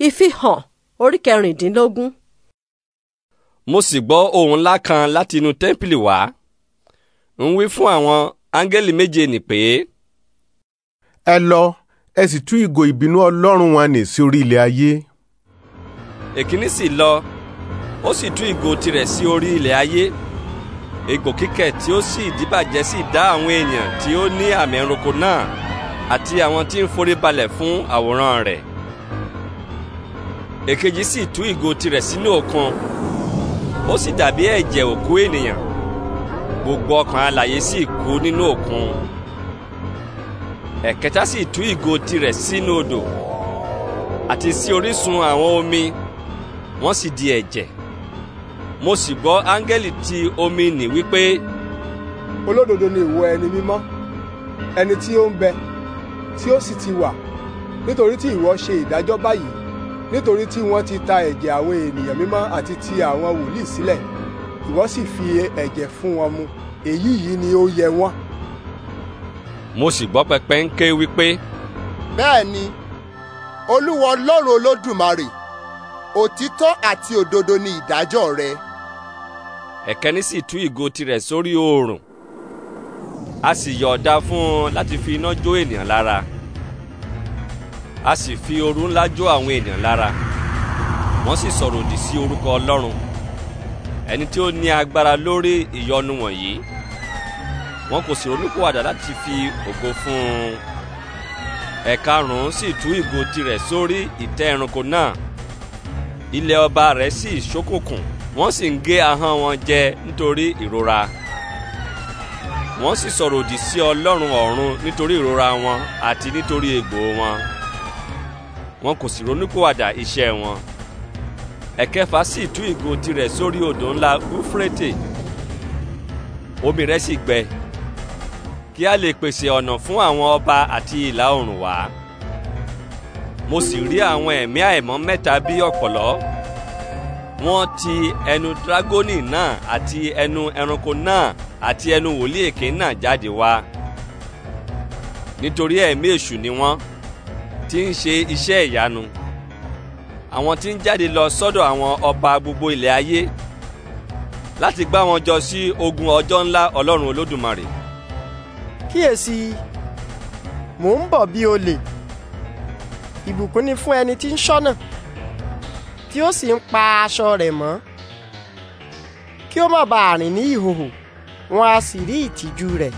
ìfihàn orí kẹrìndínlógún. mo sì gbọ́ ohùn ńlá kan láti inú tẹ́ḿpìlì wá ń wí fún àwọn áńgẹ́lì méje nì pé. ẹ lọ ẹ sì tú ìgò ìbínú ọlọ́run wọn nì sí orí ilẹ̀ ayé. èkíní sì lọ ó sì tú ìgò tirẹ̀ sí orí ilẹ̀ ayé ìgò kíkẹ̀ tí ó sì dìbàjẹ́ sì dá àwọn èèyàn tí ó ní àmì ẹranko náà àti àwọn tí ń forí balẹ̀ fún àwòrán rẹ̀ èkejì sì tú ìgò tirẹ̀ sínú òkun ó sì dàbí ẹ̀jẹ̀ òkú ènìyàn gbogbo ọkàn alààyè sì kú nínú òkun ẹ̀kẹta sì tú ìgò tirẹ̀ sínú odò àti sí orísun àwọn omi wọ́n sì di ẹ̀jẹ̀ mo sì gbọ́ áńgẹ́lì ti omi nì wípé. olódodo ni ìwọ ẹni mímọ́ ẹni tí ó ń bẹ tí ó sì ti wà nítorí tí ìwọ ṣe ìdájọ́ báyìí nítorí tí wọ́n ti ta ẹ̀jẹ̀ àwọn ènìyàn mímọ́ àti ti àwọn wòlíì sílẹ̀ ìwọ sì fi ẹ̀jẹ̀ fún wọn mu èyí yìí ni ó yẹ wọ́n. mo sì gbọ́ pẹpẹ ń ké wípé. bẹ́ẹ̀ ni olúwa ọlọ́run olódùmarè òtítọ́ àti òdodo ni ìdájọ́ rẹ. ẹ̀kẹ́ni sì tú ìgò tirẹ̀ sórí oòrùn a sì yọ̀ọ̀da fún un láti fi iná jó ènìyàn lára a sì fi oru ńlá jó àwọn ènìyàn lára wọ́n sì sọ̀rọ̀ òdì sí orúkọ ọlọ́run ẹni tí ó ní agbára lórí ìyọnu wọ̀nyí wọn kò sì ronúpìwàdà láti fi ògo fún un ẹ̀karùn-ún sì tú ìgò tirẹ̀ sórí ìtẹ́ ẹranko náà ilẹ̀ ọba rẹ̀ sì ṣókùnkùn wọ́n sì ń gé ahọ́n wọn jẹ nítorí ìrora wọ́n sì sọ̀rọ̀ òdì sí ọlọ́run ọ̀run nítorí ìrora wọn àti nítorí egbò wọn wọn kò sì ronúkúwàdà iṣẹ́ wọn ẹ̀kẹfà sì tú ìgò tirẹ̀ sórí odò ńlá úfúrẹ́tè omi rẹ̀ sì gbẹ kí a lè pèsè ọ̀nà fún àwọn ọba àti ìlà oòrùn wá mo sì rí àwọn ẹ̀mí àìmọ́ mẹ́ta bí ọ̀pọ̀lọ́ wọ́n ti ẹnu dragoni náà àti ẹnu ẹranko náà àti ẹnu wòlíì èké náà jáde wá nítorí ẹ̀mí èṣù ni wọ́n tí ń ṣe iṣẹ́ ìyanu àwọn tí ń jáde lọ sọ́dọ̀ àwọn ọba gbogbo ilẹ̀ ayé láti gbá wọn jọ sí ogun ọjọ́ ńlá ọlọ́run olódùmarè. kíyèsí mò ń bọ̀ bí olè ìbùkún ni fún ẹni tí ń ṣọ́nà tí ó sì ń pa aṣọ rẹ̀ mọ́ kí ó má bàa rìn ní ìhòhò wọn a sì rí ìtìjú rẹ̀.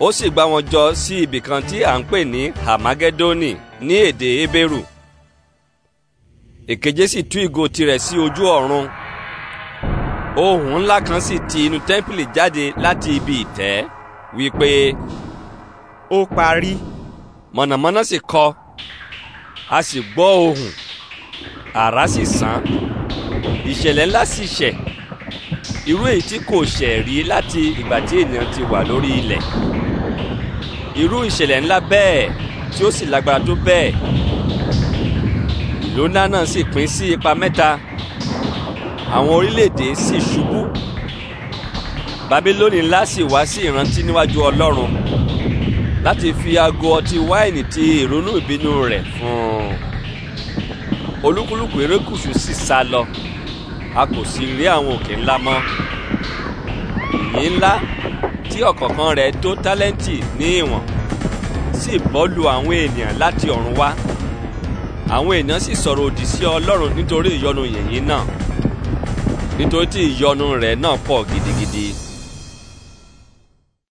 ó sì gbá wọn jọ sí ibìkan tí à ń pè ní Hamagedoni ní èdè Hébérù èkeje sì tú ìgò tirẹ̀ sí ojú ọ̀run ohùn ńlá kan sì ti inú tẹ́ḿpìlì jáde láti ibi ìtẹ́ wípé ó parí mọ̀nàmọ́ná sì kọ a sì gbọ́ ohùn àrá sì sán ìṣẹ̀lẹ̀ ńlá sì ṣẹ̀ irú èyí tí kò ṣẹ̀ rí láti ìgbà tí ènìyàn ti wà lórí ilẹ̀ irú ìṣẹ̀lẹ̀ ńlá bẹ́ẹ̀ tí ó sì lágbára tó bẹ́ẹ̀ ìlú ńlá náà sì pín sí ipa mẹ́ta àwọn orílẹ̀-èdè sì ṣubú babilóni ńlá sì wá sí ìrántí níwájú ọlọ́run láti fi aago ọtí wáìnì ti ìrònú ìbínú rẹ̀ fún un olúkúlùkù erékùṣù sì sá lọ a kò sì rí àwọn òkè ńlá mọ́ ìyìn ńlá tí ọ̀kọ̀ọ̀kan rẹ̀ tó tálẹ́ǹtì ní ìwọ̀n sì bọ́lu àwọn ènìyàn láti ọ̀run wá àwọn ènìyàn sì sọ̀rọ̀ òdì sí ọlọ́run nítorí ìyọnu yìnyín náà nítorí tí ìyọnu rẹ̀ náà pọ̀ gidigidi.